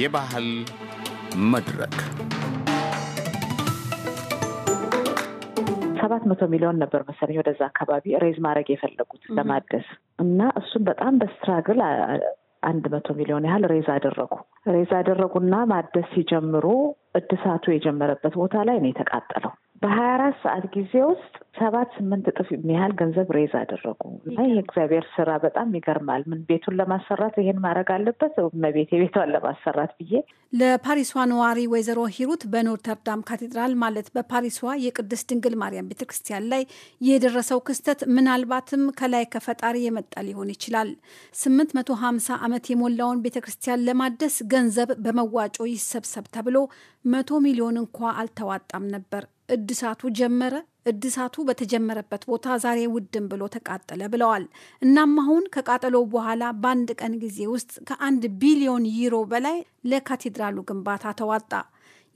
የባህል መድረክ ሰባት መቶ ሚሊዮን ነበር መሰለኝ ወደዛ አካባቢ ሬዝ ማድረግ የፈለጉት ለማደስ እና እሱን በጣም በስትራግል አንድ መቶ ሚሊዮን ያህል ሬዝ አደረጉ። ሬዝ አደረጉና ማደስ ሲጀምሩ እድሳቱ የጀመረበት ቦታ ላይ ነው የተቃጠለው። በሀያ አራት ሰዓት ጊዜ ውስጥ ሰባት ስምንት እጥፍ የሚያህል ገንዘብ ሬዝ አደረጉ እና የእግዚአብሔር ስራ በጣም ይገርማል። ምን ቤቱን ለማሰራት ይሄን ማድረግ አለበት መቤት የቤቷን ለማሰራት ብዬ ለፓሪሷ ነዋሪ ወይዘሮ ሂሩት በኖርተርዳም ካቴድራል ማለት በፓሪሷ የቅድስት ድንግል ማርያም ቤተክርስቲያን ላይ የደረሰው ክስተት ምናልባትም ከላይ ከፈጣሪ የመጣ ሊሆን ይችላል። ስምንት መቶ ሀምሳ ዓመት የሞላውን ቤተክርስቲያን ለማደስ ገንዘብ በመዋጮ ይሰብሰብ ተብሎ መቶ ሚሊዮን እንኳ አልተዋጣም ነበር። እድሳቱ ጀመረ። እድሳቱ በተጀመረበት ቦታ ዛሬ ውድም ብሎ ተቃጠለ ብለዋል። እናም አሁን ከቃጠሎው በኋላ በአንድ ቀን ጊዜ ውስጥ ከአንድ ቢሊዮን ዩሮ በላይ ለካቴድራሉ ግንባታ ተዋጣ።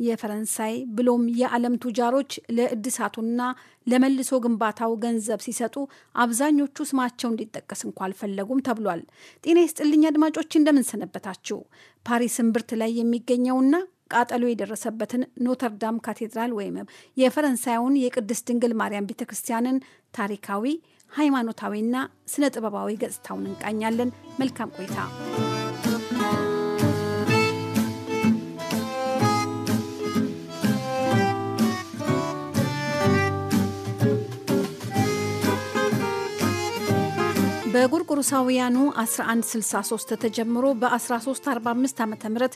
የፈረንሳይ ብሎም የዓለም ቱጃሮች ለእድሳቱና ለመልሶ ግንባታው ገንዘብ ሲሰጡ አብዛኞቹ ስማቸው እንዲጠቀስ እንኳ አልፈለጉም ተብሏል። ጤና ይስጥልኝ አድማጮች፣ እንደምንሰነበታችሁ። ፓሪስ እምብርት ላይ የሚገኘውና ቃጠሎ የደረሰበትን ኖተርዳም ካቴድራል ወይም የፈረንሳዩን የቅድስት ድንግል ማርያም ቤተ ክርስቲያንን ታሪካዊ ሃይማኖታዊና ስነ ጥበባዊ ገጽታውን እንቃኛለን። መልካም ቆይታ በጉርጉሩሳውያኑ 1163 ተጀምሮ በ1345 ዓ ም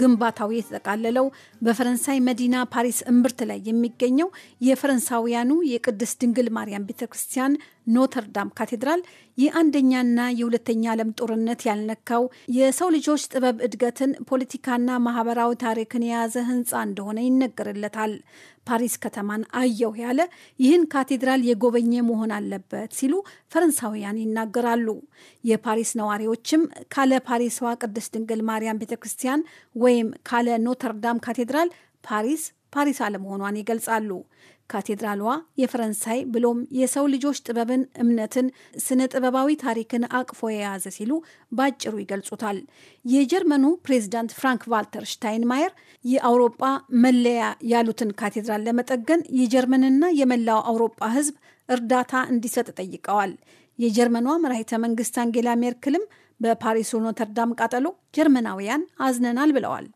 ግንባታው የተጠቃለለው በፈረንሳይ መዲና ፓሪስ እምብርት ላይ የሚገኘው የፈረንሳውያኑ የቅድስት ድንግል ማርያም ቤተ ክርስቲያን ኖተርዳም ካቴድራል የአንደኛና የሁለተኛ ዓለም ጦርነት ያልነካው የሰው ልጆች ጥበብ እድገትን፣ ፖለቲካና ማህበራዊ ታሪክን የያዘ ህንፃ እንደሆነ ይነገርለታል። ፓሪስ ከተማን አየሁ ያለ ይህን ካቴድራል የጎበኘ መሆን አለበት ሲሉ ፈረንሳውያን ይናገራሉ። የፓሪስ ነዋሪዎችም ካለ ፓሪስዋ ቅድስት ድንግል ማርያም ቤተክርስቲያን ወይም ካለ ኖተርዳም ካቴድራል ፓሪስ ፓሪስ አለመሆኗን ይገልጻሉ። ካቴድራሏ የፈረንሳይ ብሎም የሰው ልጆች ጥበብን፣ እምነትን፣ ስነ ጥበባዊ ታሪክን አቅፎ የያዘ ሲሉ ባጭሩ ይገልጹታል። የጀርመኑ ፕሬዚዳንት ፍራንክ ቫልተር ሽታይንማየር የአውሮጳ መለያ ያሉትን ካቴድራል ለመጠገን የጀርመንና የመላው አውሮጳ ሕዝብ እርዳታ እንዲሰጥ ጠይቀዋል። የጀርመኗ መራሂተ መንግስት አንጌላ ሜርክልም በፓሪሱ ኖተርዳም ቃጠሎ ጀርመናውያን አዝነናል ብለዋል።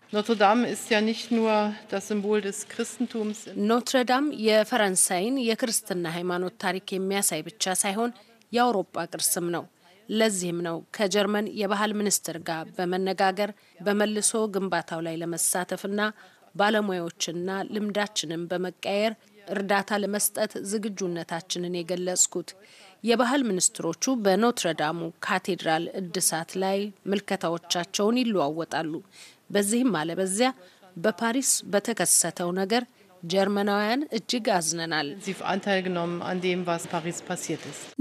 ኖትረዳም የፈረንሳይን የክርስትና ሃይማኖት ታሪክ የሚያሳይ ብቻ ሳይሆን የአውሮፓ ቅርስም ነው። ለዚህም ነው ከጀርመን የባህል ሚኒስትር ጋር በመነጋገር በመልሶ ግንባታው ላይ ለመሳተፍና ባለሙያዎችና ልምዳችንን በመቀየር እርዳታ ለመስጠት ዝግጁነታችንን የገለጽኩት። የባህል ሚኒስትሮቹ በኖትረዳሙ ካቴድራል እድሳት ላይ ምልከታዎቻቸውን ይለዋወጣሉ። በዚህም አለበዚያ በፓሪስ በተከሰተው ነገር ጀርመናውያን እጅግ አዝነናል።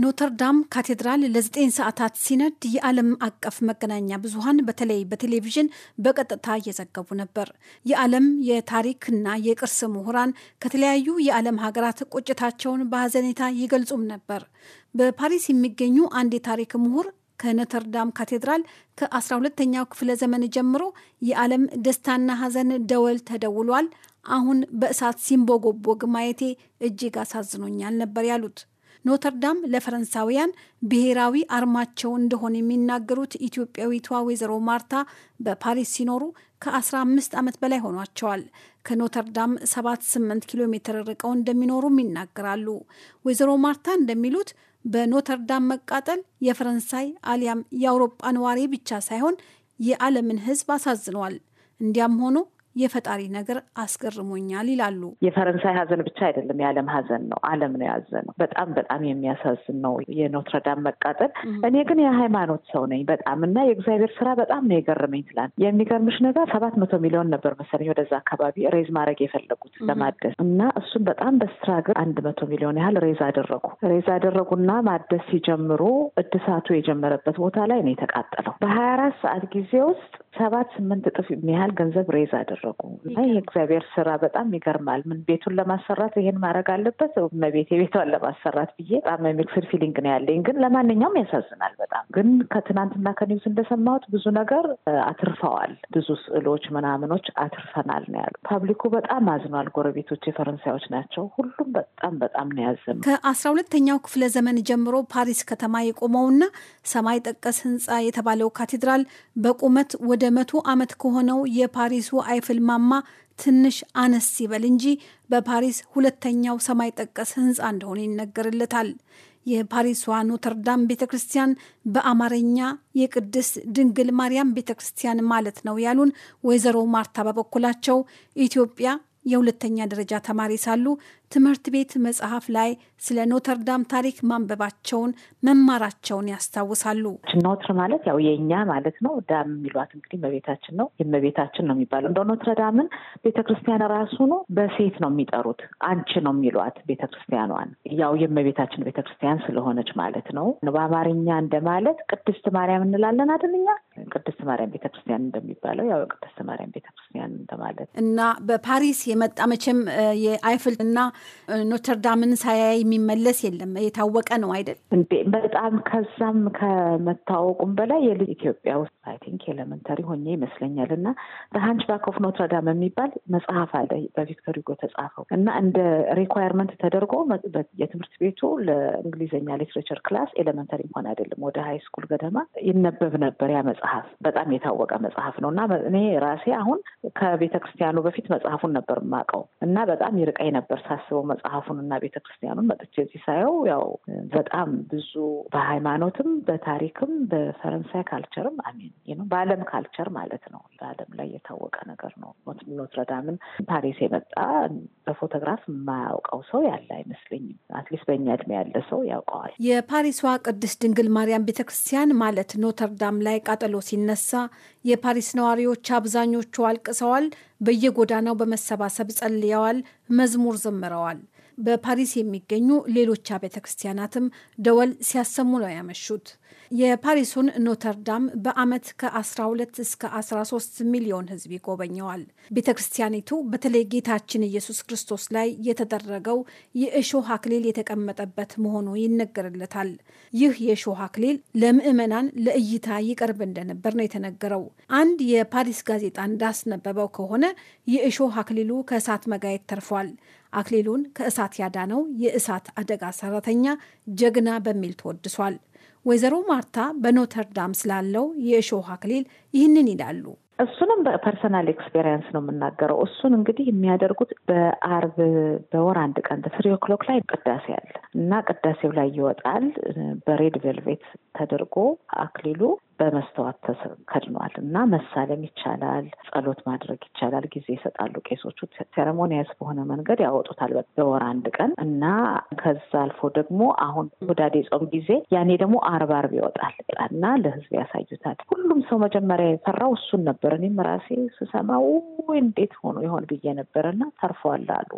ኖተርዳም ካቴድራል ለዘጠኝ ሰዓታት ሲነድ የዓለም አቀፍ መገናኛ ብዙሀን በተለይ በቴሌቪዥን በቀጥታ እየዘገቡ ነበር። የዓለም የታሪክና የቅርስ ምሁራን ከተለያዩ የዓለም ሀገራት ቁጭታቸውን በሀዘኔታ ይገልጹም ነበር። በፓሪስ የሚገኙ አንድ የታሪክ ምሁር ከኖተርዳም ካቴድራል ከ12ኛው ክፍለ ዘመን ጀምሮ የዓለም ደስታና ሐዘን ደወል ተደውሏል። አሁን በእሳት ሲንቦጎቦግ ማየቴ እጅግ አሳዝኖኛል ነበር ያሉት። ኖተርዳም ለፈረንሳውያን ብሔራዊ አርማቸው እንደሆነ የሚናገሩት ኢትዮጵያዊቷ ወይዘሮ ማርታ በፓሪስ ሲኖሩ ከ15 ዓመት በላይ ሆኗቸዋል። ከኖተርዳም 78 ኪሎ ሜትር ርቀው እንደሚኖሩም ይናገራሉ። ወይዘሮ ማርታ እንደሚሉት በኖተርዳም መቃጠል የፈረንሳይ አሊያም የአውሮጳ ነዋሪ ብቻ ሳይሆን የዓለምን ሕዝብ አሳዝኗል። እንዲያም ሆኖ የፈጣሪ ነገር አስገርሞኛል ይላሉ። የፈረንሳይ ሀዘን ብቻ አይደለም፣ የዓለም ሀዘን ነው። ዓለም ነው ያዘነው። በጣም በጣም የሚያሳዝን ነው የኖትረዳም መቃጠል። እኔ ግን የሃይማኖት ሰው ነኝ በጣም እና የእግዚአብሔር ስራ በጣም ነው የገረመኝ። ትላል የሚገርምሽ ነገር ሰባት መቶ ሚሊዮን ነበር መሰለኝ ወደዛ አካባቢ ሬዝ ማድረግ የፈለጉት ለማደስ እና እሱን በጣም በስትራግል አንድ መቶ ሚሊዮን ያህል ሬዝ አደረጉ። ሬዝ አደረጉና ማደስ ሲጀምሩ እድሳቱ የጀመረበት ቦታ ላይ ነው የተቃጠለው። በሀያ አራት ሰዓት ጊዜ ውስጥ ሰባት ስምንት እጥፍ የሚያህል ገንዘብ ሬዝ አደረጉ። አደረጉ እና የእግዚአብሔር ስራ በጣም ይገርማል። ምን ቤቱን ለማሰራት ይሄን ማድረግ አለበት እመቤቴ የቤቷን ለማሰራት ብዬ በጣም ሚክስድ ፊሊንግ ነው ያለኝ። ግን ለማንኛውም ያሳዝናል በጣም ግን ከትናንትና ከኒውስ እንደሰማሁት ብዙ ነገር አትርፈዋል። ብዙ ስዕሎች ምናምኖች አትርፈናል ነው ያሉ። ፐብሊኩ በጣም አዝኗል። ጎረቤቶች የፈረንሳዮች ናቸው። ሁሉም በጣም በጣም ነው ያዘኑ። ከአስራ ሁለተኛው ክፍለ ዘመን ጀምሮ ፓሪስ ከተማ የቆመውና ሰማይ ጠቀስ ህንፃ የተባለው ካቴድራል በቁመት ወደ መቶ ዓመት ከሆነው የፓሪሱ አይፈ ክፍል ማማ ትንሽ አነስ ይበል እንጂ በፓሪስ ሁለተኛው ሰማይ ጠቀስ ህንፃ እንደሆነ ይነገርለታል። የፓሪሷ ኖተርዳም ቤተ ክርስቲያን በአማርኛ የቅድስት ድንግል ማርያም ቤተ ክርስቲያን ማለት ነው ያሉን ወይዘሮ ማርታ በበኩላቸው ኢትዮጵያ የሁለተኛ ደረጃ ተማሪ ሳሉ ትምህርት ቤት መጽሐፍ ላይ ስለ ኖተርዳም ታሪክ ማንበባቸውን መማራቸውን ያስታውሳሉ። ኖትር ማለት ያው የእኛ ማለት ነው። ዳም የሚሏት እንግዲህ እመቤታችን ነው የእመቤታችን ነው የሚባለው። እንደ ኖትረዳምን ቤተክርስቲያን ራሱ ነው በሴት ነው የሚጠሩት። አንቺ ነው የሚሏት ቤተክርስቲያኗን፣ ያው የእመቤታችን ቤተክርስቲያን ስለሆነች ማለት ነው። በአማርኛ እንደማለት ቅድስት ማርያም እንላለን አይደል? እኛ ቅድስት ማርያም ቤተክርስቲያን እንደሚባለው ያው ቅድስት ማርያም ቤተክርስቲያን እንደማለት እና በፓሪስ የመጣ መቼም የአይፍል እና ኖተርዳምን ሳያይ የሚመለስ የለም። የታወቀ ነው አይደል? በጣም ከዛም ከመታወቁም በላይ ኢትዮጵያ ውስጥ አይ ቲንክ ኤሌመንተሪ ሆኜ ይመስለኛል እና ሃንችባክ ኦፍ ኖትረዳም የሚባል መጽሐፍ አለ በቪክቶር ሁጎ ተጻፈው እና እንደ ሪኳየርመንት ተደርጎ የትምህርት ቤቱ ለእንግሊዝኛ ሊትሬቸር ክላስ ኤሌመንተሪ እንኳን አይደለም ወደ ሀይ ስኩል ገደማ ይነበብ ነበር። ያ መጽሐፍ በጣም የታወቀ መጽሐፍ ነው እና እኔ ራሴ አሁን ከቤተክርስቲያኑ በፊት መጽሐፉን ነበር የማውቀው እና በጣም ይርቀኝ ነበር ሳስብ ሳስበው መጽሐፉን እና ቤተ ክርስቲያኑን መጥቼ እዚህ ሳየው ያው በጣም ብዙ በሃይማኖትም በታሪክም በፈረንሳይ ካልቸርም አሚን በዓለም ካልቸር ማለት ነው። በዓለም ላይ የታወቀ ነገር ነው። ኖትረዳምን ፓሪስ የመጣ በፎቶግራፍ የማያውቀው ሰው ያለ አይመስለኝም። አትሊስት በእኛ እድሜ ያለ ሰው ያውቀዋል። የፓሪሷ ቅድስት ድንግል ማርያም ቤተ ክርስቲያን ማለት ኖተርዳም ላይ ቃጠሎ ሲነሳ የፓሪስ ነዋሪዎች አብዛኞቹ አልቅሰዋል። በየጎዳናው በመሰባሰብ ጸልየዋል፣ መዝሙር ዘምረዋል። በፓሪስ የሚገኙ ሌሎች አብያተ ክርስቲያናትም ደወል ሲያሰሙ ነው ያመሹት። የፓሪሱን ኖተርዳም በዓመት ከ12 እስከ 13 ሚሊዮን ሕዝብ ይጎበኘዋል። ቤተ ክርስቲያኒቱ በተለይ ጌታችን ኢየሱስ ክርስቶስ ላይ የተደረገው የእሾህ አክሊል የተቀመጠበት መሆኑ ይነገርለታል። ይህ የእሾህ አክሊል ለምዕመናን ለእይታ ይቀርብ እንደነበር ነው የተነገረው። አንድ የፓሪስ ጋዜጣ እንዳስነበበው ከሆነ የእሾህ አክሊሉ ከእሳት መጋየት ተርፏል። አክሊሉን ከእሳት ያዳነው የእሳት አደጋ ሰራተኛ ጀግና በሚል ተወድሷል። ወይዘሮ ማርታ በኖተርዳም ስላለው የእሾህ አክሊል ይህንን ይላሉ። እሱንም በፐርሰናል ኤክስፔሪየንስ ነው የምናገረው። እሱን እንግዲህ የሚያደርጉት በአርብ በወር አንድ ቀን በስሪ ኦክሎክ ላይ ቅዳሴ አለ እና ቅዳሴው ላይ ይወጣል። በሬድ ቬልቬት ተደርጎ አክሊሉ በመስተዋት ተከድኗል እና መሳለም ይቻላል፣ ጸሎት ማድረግ ይቻላል። ጊዜ ይሰጣሉ ቄሶቹ። ሴረሞኒያስ በሆነ መንገድ ያወጡታል በወር አንድ ቀን እና ከዛ አልፎ ደግሞ አሁን ወዳዴ ጾም ጊዜ ያኔ ደግሞ አርብ አርብ ይወጣል እና ለህዝብ ያሳዩታል። ሁሉም ሰው መጀመሪያ የፈራው እሱን ነበር። እኔም ራሴ ስሰማው እንዴት ሆኖ ይሆን ብዬ ነበር እና ተርፏል አሉ።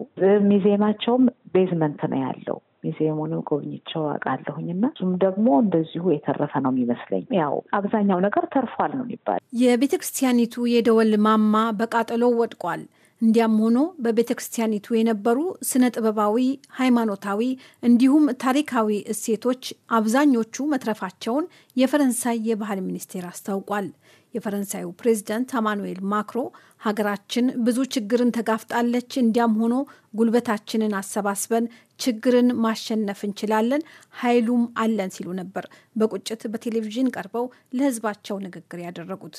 ሚዜማቸውም ቤዝመንት ነው ያለው ሙዚየሙንም ጎብኝቸው አውቃለሁኝ እና እሱም ደግሞ እንደዚሁ የተረፈ ነው የሚመስለኝ። ያው አብዛኛው ነገር ተርፏል ነው የሚባል። የቤተ ክርስቲያኒቱ የደወል ማማ በቃጠሎ ወድቋል። እንዲያም ሆኖ በቤተ ክርስቲያኒቱ የነበሩ ስነ ጥበባዊ፣ ሃይማኖታዊ እንዲሁም ታሪካዊ እሴቶች አብዛኞቹ መትረፋቸውን የፈረንሳይ የባህል ሚኒስቴር አስታውቋል። የፈረንሳዩ ፕሬዚደንት አማኑኤል ማክሮ ሀገራችን ብዙ ችግርን ተጋፍጣለች። እንዲያም ሆኖ ጉልበታችንን አሰባስበን ችግርን ማሸነፍ እንችላለን፣ ኃይሉም አለን ሲሉ ነበር በቁጭት በቴሌቪዥን ቀርበው ለህዝባቸው ንግግር ያደረጉት።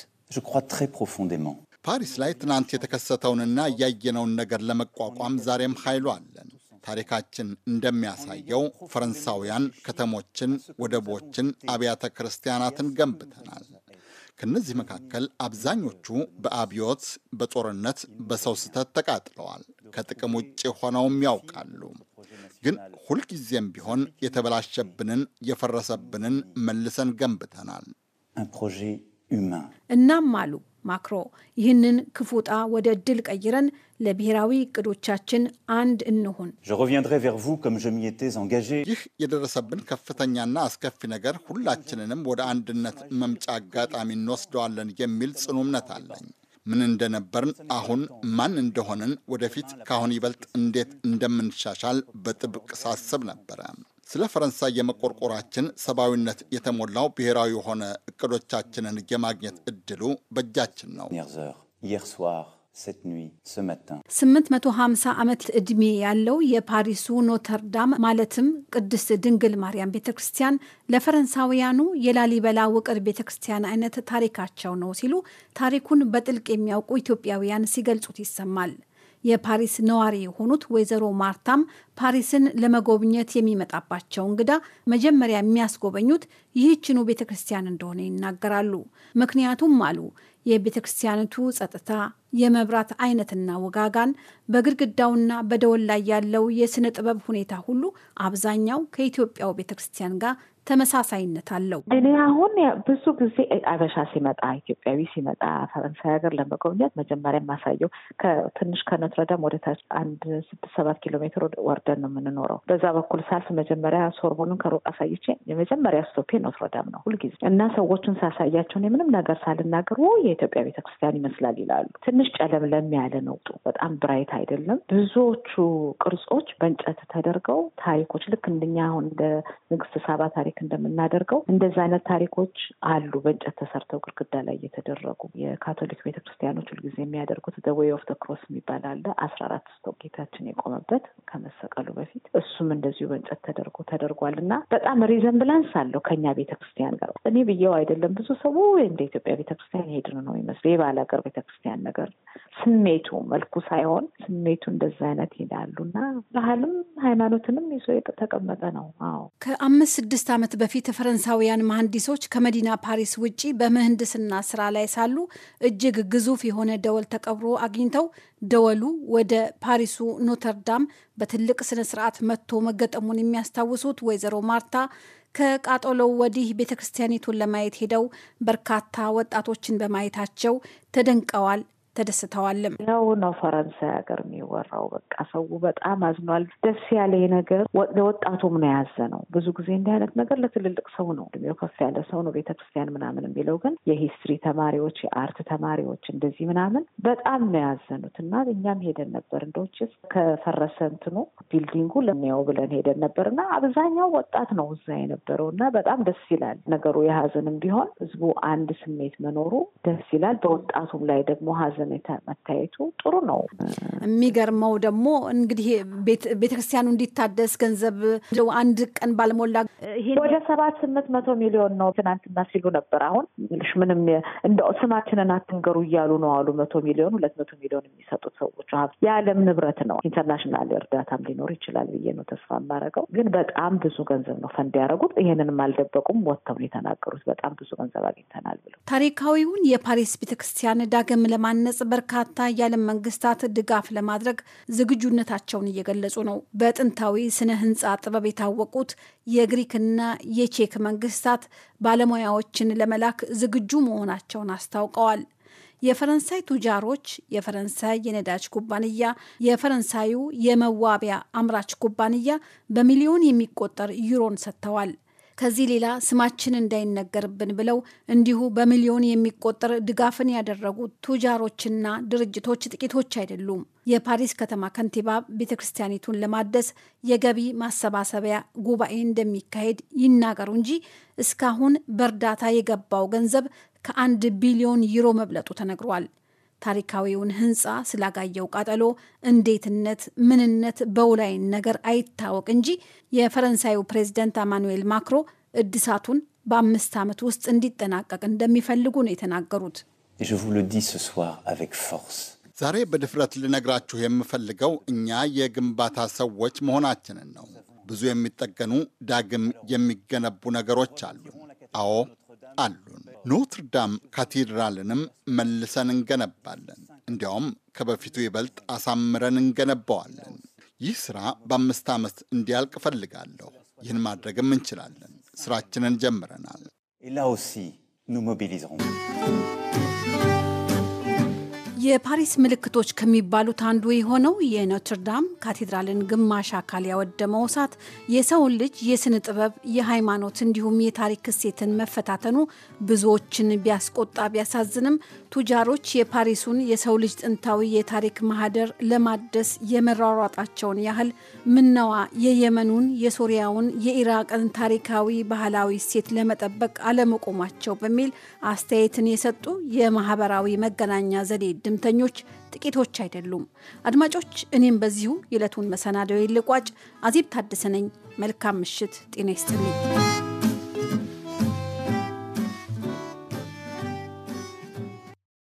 ፓሪስ ላይ ትናንት የተከሰተውንና እያየነውን ነገር ለመቋቋም ዛሬም ኃይሉ አለን። ታሪካችን እንደሚያሳየው ፈረንሳውያን ከተሞችን፣ ወደቦችን፣ አብያተ ክርስቲያናትን ገንብተናል። ከእነዚህ መካከል አብዛኞቹ በአብዮት፣ በጦርነት፣ በሰው ስህተት ተቃጥለዋል። ከጥቅም ውጭ ሆነውም ያውቃሉ። ግን ሁልጊዜም ቢሆን የተበላሸብንን የፈረሰብንን መልሰን ገንብተናል። እናም አሉ ማክሮ ይህንን ክፉ ዕጣ ወደ ድል ቀይረን ለብሔራዊ እቅዶቻችን አንድ እንሆን። ይህ የደረሰብን ከፍተኛና አስከፊ ነገር ሁላችንንም ወደ አንድነት መምጫ አጋጣሚ እንወስደዋለን የሚል ጽኑ እምነት አለኝ። ምን እንደነበርን፣ አሁን ማን እንደሆንን፣ ወደፊት ካሁን ይበልጥ እንዴት እንደምንሻሻል በጥብቅ ሳስብ ነበረ። ስለ ፈረንሳይ የመቆርቆራችን ሰብአዊነት የተሞላው ብሔራዊ የሆነ እቅዶቻችንን የማግኘት እድሉ በእጃችን ነው። 850 ዓመት ዕድሜ ያለው የፓሪሱ ኖተርዳም ማለትም ቅድስት ድንግል ማርያም ቤተ ክርስቲያን ለፈረንሳውያኑ የላሊበላ ውቅር ቤተ ክርስቲያን አይነት ታሪካቸው ነው ሲሉ ታሪኩን በጥልቅ የሚያውቁ ኢትዮጵያውያን ሲገልጹት ይሰማል። የፓሪስ ነዋሪ የሆኑት ወይዘሮ ማርታም ፓሪስን ለመጎብኘት የሚመጣባቸው እንግዳ መጀመሪያ የሚያስጎበኙት ይህችኑ ቤተ ክርስቲያን እንደሆነ ይናገራሉ። ምክንያቱም አሉ የቤተ ክርስቲያኒቱ ጸጥታ፣ የመብራት አይነትና ወጋጋን፣ በግድግዳውና በደወል ላይ ያለው የሥነ ጥበብ ሁኔታ ሁሉ አብዛኛው ከኢትዮጵያው ቤተ ክርስቲያን ጋር ተመሳሳይነት አለው? እኔ አሁን ብዙ ጊዜ አበሻ ሲመጣ ኢትዮጵያዊ ሲመጣ ፈረንሳይ ሀገር ለመጎብኘት መጀመሪያ የማሳየው ትንሽ ከኖትረዳም ወደ ታች አንድ ስድስት ሰባት ኪሎ ሜትር ወርደን ነው የምንኖረው። በዛ በኩል ሳልፍ መጀመሪያ ሶርቦንን ከሩቅ አሳይቼ የመጀመሪያ ስቶፔ ኖትረዳም ነው ሁልጊዜ እና ሰዎቹን ሳሳያቸው ምንም ነገር ሳልናገር የኢትዮጵያ ቤተክርስቲያን ይመስላል ይላሉ። ትንሽ ጨለምለም ያለ ነው፣ በጣም ብራይት አይደለም። ብዙዎቹ ቅርጾች በእንጨት ተደርገው ታሪኮች ልክ እንደኛ አሁን እንደ ንግስት ሳባ ታሪክ ታሪክ እንደምናደርገው እንደዚ አይነት ታሪኮች አሉ። በእንጨት ተሰርተው ግድግዳ ላይ እየተደረጉ የካቶሊክ ቤተክርስቲያኖች ሁልጊዜ የሚያደርጉት ዘ ዌይ ኦፍ ዘ ክሮስ የሚባል አለ። አስራ አራት ስቶ ጌታችን የቆመበት ከመሰቀሉ በፊት እሱም እንደዚሁ በእንጨት ተደርጎ ተደርጓል እና በጣም ሪዘምብላንስ አለው ከኛ ቤተክርስቲያን ጋር። እኔ ብዬው አይደለም ብዙ ሰው እንደ ኢትዮጵያ ቤተክርስቲያን ሄድን ነው ይመስል የባለ ሀገር ቤተክርስቲያን ነገር ስሜቱ መልኩ ሳይሆን ስሜቱ እንደዚ አይነት ይላሉ እና ባህልም ሃይማኖትንም ይዞ የተቀመጠ ነው። አዎ ከአምስት ስድስት ዓመት በፊት ፈረንሳውያን መሐንዲሶች ከመዲና ፓሪስ ውጪ በምህንድስና ስራ ላይ ሳሉ እጅግ ግዙፍ የሆነ ደወል ተቀብሮ አግኝተው ደወሉ ወደ ፓሪሱ ኖተርዳም በትልቅ ስነ ስርዓት መጥቶ መገጠሙን የሚያስታውሱት ወይዘሮ ማርታ ከቃጠሎው ወዲህ ቤተ ክርስቲያኒቱን ለማየት ሄደው በርካታ ወጣቶችን በማየታቸው ተደንቀዋል ተደስተዋልም። ነው ነው ፈረንሳይ ሀገር የሚወራው በቃ ሰው በጣም አዝኗል። ደስ ያለ ነገር ለወጣቱም ነው ያዘ ነው። ብዙ ጊዜ እንዲህ አይነት ነገር ለትልልቅ ሰው ነው እድሜው ከፍ ያለ ሰው ነው ቤተክርስቲያን ምናምን የሚለው ግን የሂስትሪ ተማሪዎች፣ የአርት ተማሪዎች እንደዚህ ምናምን በጣም ነው ያዘኑት እና እኛም ሄደን ነበር እንደውችስ ከፈረሰ እንትኑ ቢልዲንጉ ለሚያው ብለን ሄደን ነበር እና አብዛኛው ወጣት ነው እዛ የነበረው እና በጣም ደስ ይላል ነገሩ የሀዘንም ቢሆን ህዝቡ አንድ ስሜት መኖሩ ደስ ይላል። በወጣቱም ላይ ደግሞ ሀዘን ሁኔታ መታየቱ ጥሩ ነው። የሚገርመው ደግሞ እንግዲህ ቤተክርስቲያኑ እንዲታደስ ገንዘብ አንድ ቀን ባልሞላ ወደ ሰባት ስምንት መቶ ሚሊዮን ነው ትናንትና ሲሉ ነበር። አሁን ምንም እንደ ስማችንን አትንገሩ እያሉ ነው አሉ። መቶ ሚሊዮን ሁለት መቶ ሚሊዮን የሚሰጡት ሰዎች የዓለም ንብረት ነው። ኢንተርናሽናል እርዳታም ሊኖር ይችላል ብዬ ነው ተስፋ የማደርገው። ግን በጣም ብዙ ገንዘብ ነው ፈንድ ያደረጉት። ይሄንንም አልደበቁም፣ ወጥተው የተናገሩት በጣም ብዙ ገንዘብ አግኝተናል ብለው ታሪካዊውን የፓሪስ ቤተክርስቲያን ዳግም ለማነጽ ለግብጽ በርካታ የዓለም መንግስታት ድጋፍ ለማድረግ ዝግጁነታቸውን እየገለጹ ነው። በጥንታዊ ስነ ህንፃ ጥበብ የታወቁት የግሪክና የቼክ መንግስታት ባለሙያዎችን ለመላክ ዝግጁ መሆናቸውን አስታውቀዋል። የፈረንሳይ ቱጃሮች፣ የፈረንሳይ የነዳጅ ኩባንያ፣ የፈረንሳዩ የመዋቢያ አምራች ኩባንያ በሚሊዮን የሚቆጠር ዩሮን ሰጥተዋል። ከዚህ ሌላ ስማችን እንዳይነገርብን ብለው እንዲሁ በሚሊዮን የሚቆጠር ድጋፍን ያደረጉ ቱጃሮችና ድርጅቶች ጥቂቶች አይደሉም። የፓሪስ ከተማ ከንቲባ ቤተ ክርስቲያኒቱን ለማደስ የገቢ ማሰባሰቢያ ጉባኤ እንደሚካሄድ ይናገሩ እንጂ እስካሁን በእርዳታ የገባው ገንዘብ ከአንድ ቢሊዮን ዩሮ መብለጡ ተነግሯል። ታሪካዊውን ህንፃ ስላጋየው ቃጠሎ እንዴትነት፣ ምንነት በውላይ ነገር አይታወቅ እንጂ የፈረንሳዩ ፕሬዝደንት አማኑኤል ማክሮ እድሳቱን በአምስት ዓመት ውስጥ እንዲጠናቀቅ እንደሚፈልጉ ነው የተናገሩት። ዛሬ በድፍረት ልነግራችሁ የምፈልገው እኛ የግንባታ ሰዎች መሆናችንን ነው። ብዙ የሚጠገኑ ዳግም የሚገነቡ ነገሮች አሉ። አዎ አሉን። ኖትርዳም ካቴድራልንም መልሰን እንገነባለን። እንዲያውም ከበፊቱ ይበልጥ አሳምረን እንገነባዋለን። ይህ ስራ በአምስት ዓመት እንዲያልቅ እፈልጋለሁ። ይህን ማድረግም እንችላለን። ስራችንን ጀምረናል። የፓሪስ ምልክቶች ከሚባሉት አንዱ የሆነው የኖትርዳም ካቴድራልን ግማሽ አካል ያወደመው እሳት የሰውን ልጅ የስነ ጥበብ፣ የሃይማኖት እንዲሁም የታሪክ እሴትን መፈታተኑ ብዙዎችን ቢያስቆጣ ቢያሳዝንም ቱጃሮች የፓሪሱን የሰው ልጅ ጥንታዊ የታሪክ ማህደር ለማደስ የመሯሯጣቸውን ያህል ምነዋ የየመኑን፣ የሶሪያውን፣ የኢራቅን ታሪካዊ ባህላዊ እሴት ለመጠበቅ አለመቆማቸው በሚል አስተያየትን የሰጡ የማህበራዊ መገናኛ ዘዴ ድምተኞች ጥቂቶች አይደሉም። አድማጮች፣ እኔም በዚሁ የዕለቱን መሰናደው ልቋጭ። አዜብ ታደሰ ነኝ። መልካም ምሽት። ጤና ይስጥልኝ።